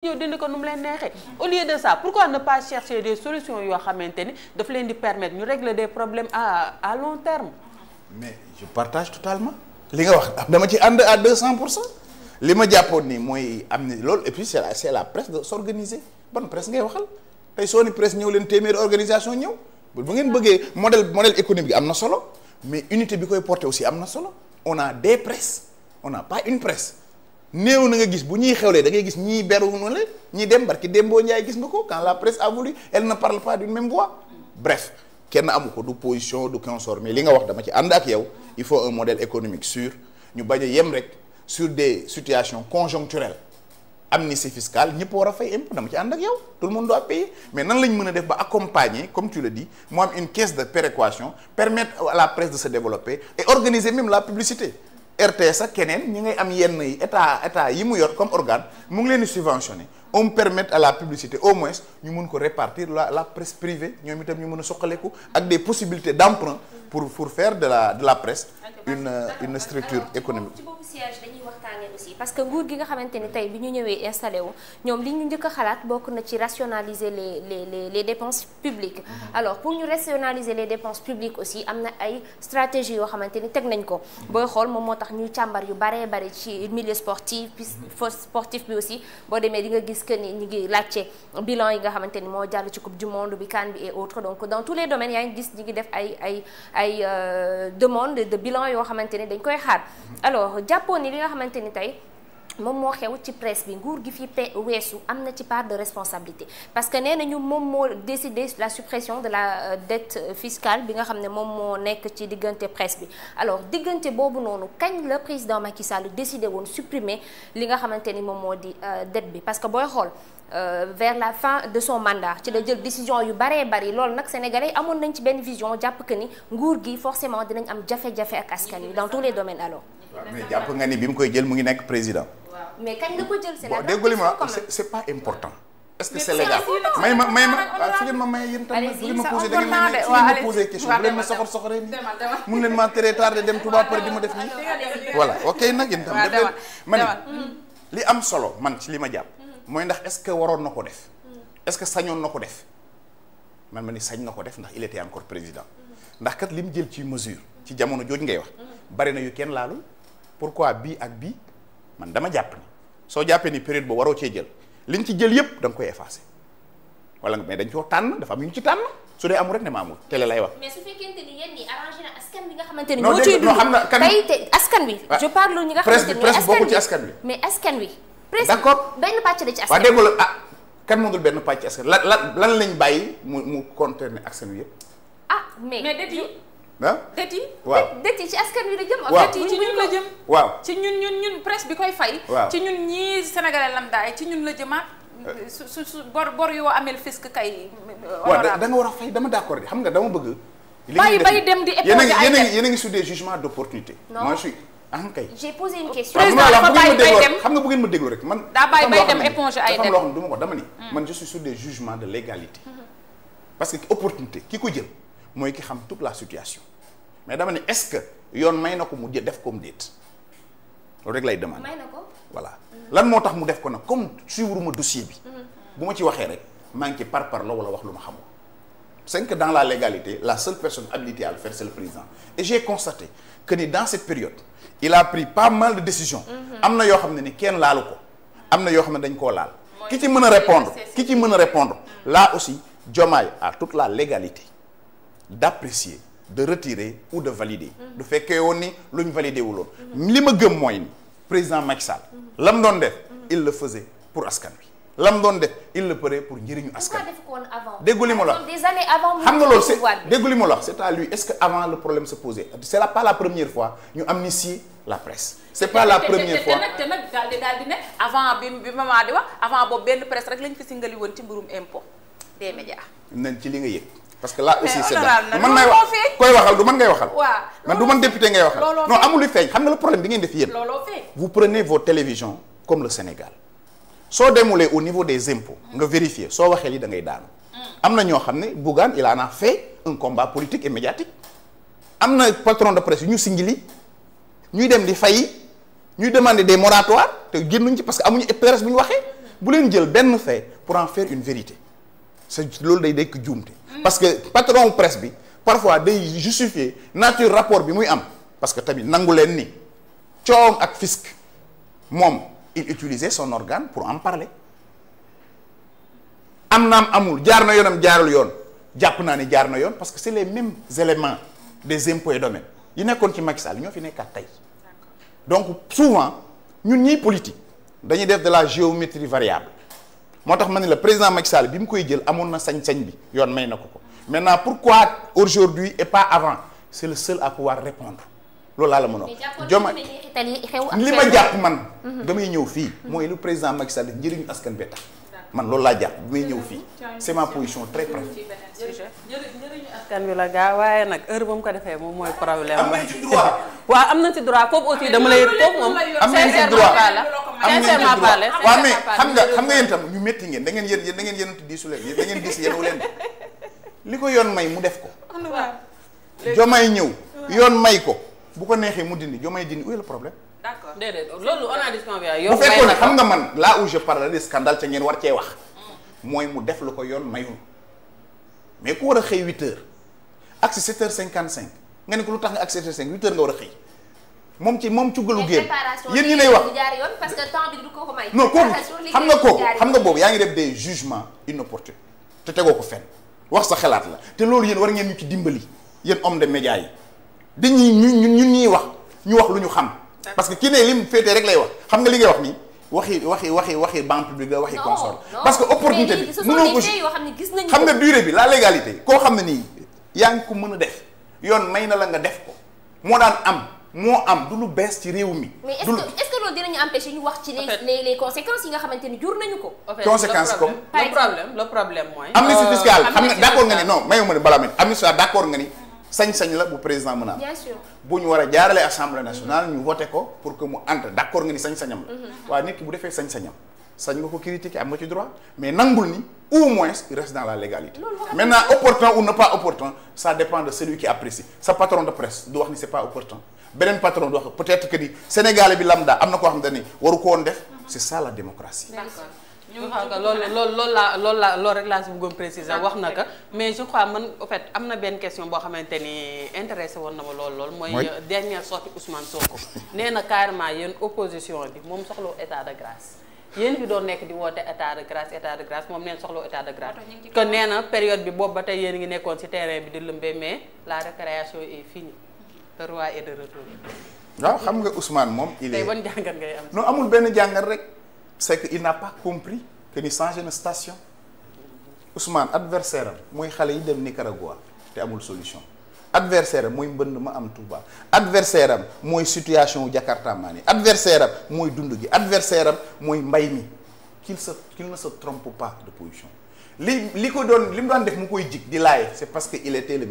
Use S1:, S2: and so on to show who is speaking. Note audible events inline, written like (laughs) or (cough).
S1: ñëw dindi ko nu mu leen neexee au lieu de ça pourquoi ne pas chercher des solutions yoo xamante ni daf leen di permettre ñu régler des problèmes à à long terme. mais je partage totalement. li nga wax dama ci ànd à 200 pour li ma jàppoon ni mooy am ni loolu et puis c'est la c'est la presse de s'organiser ban presse ngay waxal tey soo ni presse ñëw leen téeméeri organisation ñëw bu ngeen bëggee modèle modèle économique am na solo mais unité bi koy porter aussi am na solo on a des presses on n'a pas une presse. néew na nga gis bu ñuy xewlee da ngay gis ñii beru noonu la ñii dem barki Dembo Ndiaye gis nga ko quand la presse a voulu elle ne parle pas d'une même voix bref kenn amuko du position du consort mais li nga wax dama ci ànd ak yow il faut un modèle économique sur ñu bañ a yem rek sur des situations conjoncturelles amnistie fiscale ñëpp war a fay impôt dama ci ànd ak yow tout le monde doit payer mais nan lañ mën a def ba accompagner comme tu le dis mu am une caisse de péréquation permettre à la presse de se organiser même la publicité RTS ak keneen ñi ngay am yenn yi état yi mu yor comme organe mu ngi leen di subventionné on la publicité au moins ñu mun ko répartir la la presse privée ñoom itam ñu mën a suqaleku ak des possibilités d'emprunt pour pour faire de la de la presse une une structure euh, économique
S2: aussi parce que nguur gi nga xamante ni tey bi ñu ñëwee installé ñoom li ñu njëkk a xalaat bokk na ci rationaliser les les les les dépenses publiques. Mhm. alors pour ñu rationaliser les dépenses publiques aussi am na ay stratégies yoo xamante ni teg nañ ko booy xool moom moo tax ñuy càmbar yu baree bari ci milieu sportif puis sportif bi aussi boo demee di nga gis que ni ñu ngi laajte bilan yi nga xamante ni moo jàll ci coupe du monde bi CAN bi et autres donc dans tous les ngi gis ay ay ay euh, demande de bilan yoo xamante ni dañ koy xaar mhm. moom moo xew ci presse bi nguur gi fi pe weesu am na ci part de responsabilité parce que nee nañu moom moo décidé la suppression de la euh, dette fiscale bi nga xam ne moom moo nekk ci diggante presse bi alors diggante boobu noonu kañ la président Macky Sall décidé woon supprimer li nga xamante ni moom moo di euh, dette bi parce que booy xool euh, vers la fin de son mandat ci la jël décision yu baree bari loolu nag sénégalais amoon nañ ci benn vision jàpp que ni nguur gi forcément dinañ am jafe-jafe ak askan wi dans tous les domaines alors.
S1: waaw bi mu koy jël mu ngi nekk président.
S2: mais kañ nga ko jël c'est
S1: la pas important. est-ce que c'est légal may ma may ma
S2: waaw ah, su ngeen ma may yéen tamit ma ma su ngeen ma posé question bu leen ma
S1: soxor soxoree nii mun leen ma tere tardé dem Touba pare di ma def
S2: nii voilà ok nag yéen tam def leen ma ne mm.
S1: li am solo man ci li ma jàpp mooy ndax est-ce que waroon na ko def mm. est-ce que sañoon na ko def man ma ni sañ na ko def ndax il encore président mm. ndax kat li mu jël ci mesure ci jamono jooju ngay wax bari na yu kenn laalu pourquoi bii ak bii man dama jàpp soo jàppee ni période boo waroo cee jël liñ ci jël yëpp da nga koy effacer wala mais dañ koo tànn dafa am ñu ci tànn su dee amul rek ne maamul télé lay wax.
S2: mais su fekkente ni ñi na askan bi nga xamante ni. moo xam na kan tey te askan wi. Ah. je parle ñi nga xamante ni ci askan wi mais askan wi. presse d'accord benn pàcc la ci askan wi waaw
S1: ah, kan moo dul benn pàcc askan lan lan lan lañ bàyyi mu mu concerner askan wi yëpp. ah mais ah?
S2: ci askan wi la jëm. waaw dëtt ci ñun la jëm. waaw ci ñun ñun ñun presse bi koy fay. waaw ci ñun ñii sénégalais lambda yi ci ñun la jëmaat. su su su bor bor yoo amel fisc kay. Euh, waaw da nga
S1: war a fay dama d'accord xam nga dama bëgg. li bay bay dem di éponger ay def yéen a ngi sur des jugements d'opportunité. non moi je suis am
S2: ah,
S1: xam nga bu ngeen ma déglu rek man. daa bàyyi bay dem éponger ay def du ma ko dama ni. Mm. man je suis sur des de légalité. parce que opportunité ki ko jël mooy ki xam toute la situation mais dama ni est-ce que yoon may na ko mu def comme déet. loolu rek lay demande may na ko voilà lan moo tax mu def ko nag comme suivre ma dossier bi bu ma ci waxee rek ki par par la wala wax lu ma xamul c'est que dans la légalité la seule personne habilitée à le faire c'est le président et j'ai constaté que ni dans cette période il a pris pas mal de décisions mhm. am na yoo xam ne ni kenn laalu ko am na yoo xam ne dañ koo laal ki ci mën a répondre ki ci mën a répondre là aussi Diomaye a toute la légalité d'apprécier de retirer ou de valider. du fekkee woon ni lu ñu validé wuloon. li ma gëm mooy ni président Macky Sall. la mu doon def il le faisait pour askan wi. la mu doon def il le ferait pour njëriñu askan
S2: wi. déggu li mu la xam nga loolu c'est déggu
S1: li la c'est à lui est-ce que avant le problème se posait c'est là pas la première fois ñu amnistier la presse. c'est pas la première fois
S2: te nag bi bi maman di wax avant boobu benn presse rek lañ fi singali woon ci mbirum impôt des médias.
S1: nañ ci li nga yëg. parce que là aussi c'est man may wax koy waxal du man man du man député ngay waxal amul lu feeñ xam nga le problème bi ngeen def yéen vous prenez vos télévisions le Sénégal soo demulee au niveau des impôts nga vérifier soo waxee lii da ngay daanu mm. am na ñoo xam ne Bougane il en naa fait un combat politique et médiatique am na patron de presse yu ñu singili ñuy dem di fay ñuy demander des moratoires te génnuñ ci parce que amuñu presse bu ñu waxee bu leen jël benn fait pour en faire une vérité c'est loolu day dekk juumte parce que patron presse bi parfois day justifier nature rapport bi muy am parce que tamit nangu leen ni coom ak fisc moom il utilisait son organe pour en parler am naam amul jaar na yoonam jaarul yoon jàpp naa ne jaar na yoon parce que c'est les mêmes éléments des impôts et domaines yi nekkoon ci Macky Sall ñoo fi nekkaat tey donc souvent ñun ñiy politique dañuy def de la géométrie variable moo tax ma ne la président Macky bi mu koy jël amoon na sañ-sañ bi yoon may na ko ko maintenant pourquoi aujourd'hui et pas avant c'est le seul à pouvoir répondre loolu laa la mën a wax joma
S2: li ma jàpp man mhm.
S1: damay ñëw fii mooy lu président Macky Sall njëriñu askan bee tax man loolu laa jàpp bi may ñëw fii c'est ma position très prête
S2: njëriñu askan
S1: wi la gaa waaye nag heure ba mu ko defee moom mooy problème am na waaw am na ci droit foofu aussi dama lay foofu moom am na am parlé waaw mais xam nga xam nga yéen tam ñu métti ngeen da ngeen yéen yéen da ngeen yéen diisu leen da ngeen diis yéen wu leen li ko yoon may mu def ko jomay ñëw yoon may ko bu ko neexee mu dindi jomay dindi où est problème
S2: a disconvient yow bu fekkoon xam nga
S1: man laa où je la de scandale ca ngeen war cee wax mooy mu def lu ko yoon mayul mais ku war a xëy huit heures ak si sept heures cinquante cinq nga ne ko lu tax nga ak sept heures cinq huit heures nga war a xëy moom ci moom cuggalu génn yéen ñi lay wax
S2: parce que temps bi du ko ko may non kooku xam nga kooku xam nga boobu
S1: yaa ngi def des jugements inopportuns te tegoo ko fenn wax sa xalaat la te loolu yéen war ngeen ñu ci dimbali yéen homme de média yi dañuy ñun ñun ñuy wax ñu wax lu ñu xam parce que ki ne lim féetee rek lay wax xam nga li ngay wax nii waxi waxi waxi waxi banque publique la waxi console
S2: parce que opportunité bi mënoo ko xam nga durée bi la
S1: légalité koo xam ne nii yaa ngi ko mën a def yoon may na la nga def ko moo daan am moo am du lu bees ci réew mi.
S2: mais est-ce est-ce que loolu empêcher ñu wax ci les les conséquences yi nga xamante ni jur nañu ko. conséquences comme. le problème le
S1: euh, fiscale xam nga d'accord nga ni non mayuma ni Balamine amnistie d'accord nga ni. sañ-sañ la bu président mën a am. bu ñu war a jaarale assemblée nationale ñu voté ko pour que mu entre d'accord nga ni sañ-sañam la. Mhm. waaye nit bu defee sañ-sañam. sañ nga ko critiquer am nga ci droit mais nangul ni au moins il reste dans la légalité maintenant opportun ou ne pas opportun ça beneen patron di wax peut-être que ni bi lambda am na koo xam ne waru ko woon def mhm. c'est ça la démocratie.
S2: ñu xam nga loolu
S1: laa loolu laa loolu rek laa si bëggoon préciser wax na ko mais je crois man en am na benn question boo xamante ni intéressé woon na ma loolu loolu mooy euh, dernière sortie Ousmane Sonko (laughs) nee na carrément yéen opposition bi moom soxla état de grâce yéen fi doon nekk di woote état de grâce état de grâce moom neen soxla état bi boobu ba tey yéen ngi nekkoon si terrain bi di lëmbee mais la récréation le roi est waaw xam nga Ousmane moom. il est tey ban ngay am. non amul benn jàngat rek. c' est que il n'a pas compris que ni changé na station Ousmane adversaire am mooy xale yi dem Nicaragua te amul solution. adversaire am mooy mbënn ma am Touba adversaire am mooy situation Jakarta maa ni adversaire mooy dund gi adversaire am mooy mbay mi qu'il sa qu'il ne se
S2: trompe pas de position li li ko doon li mu doon def mu koy jig di laaye c'est parce que il était le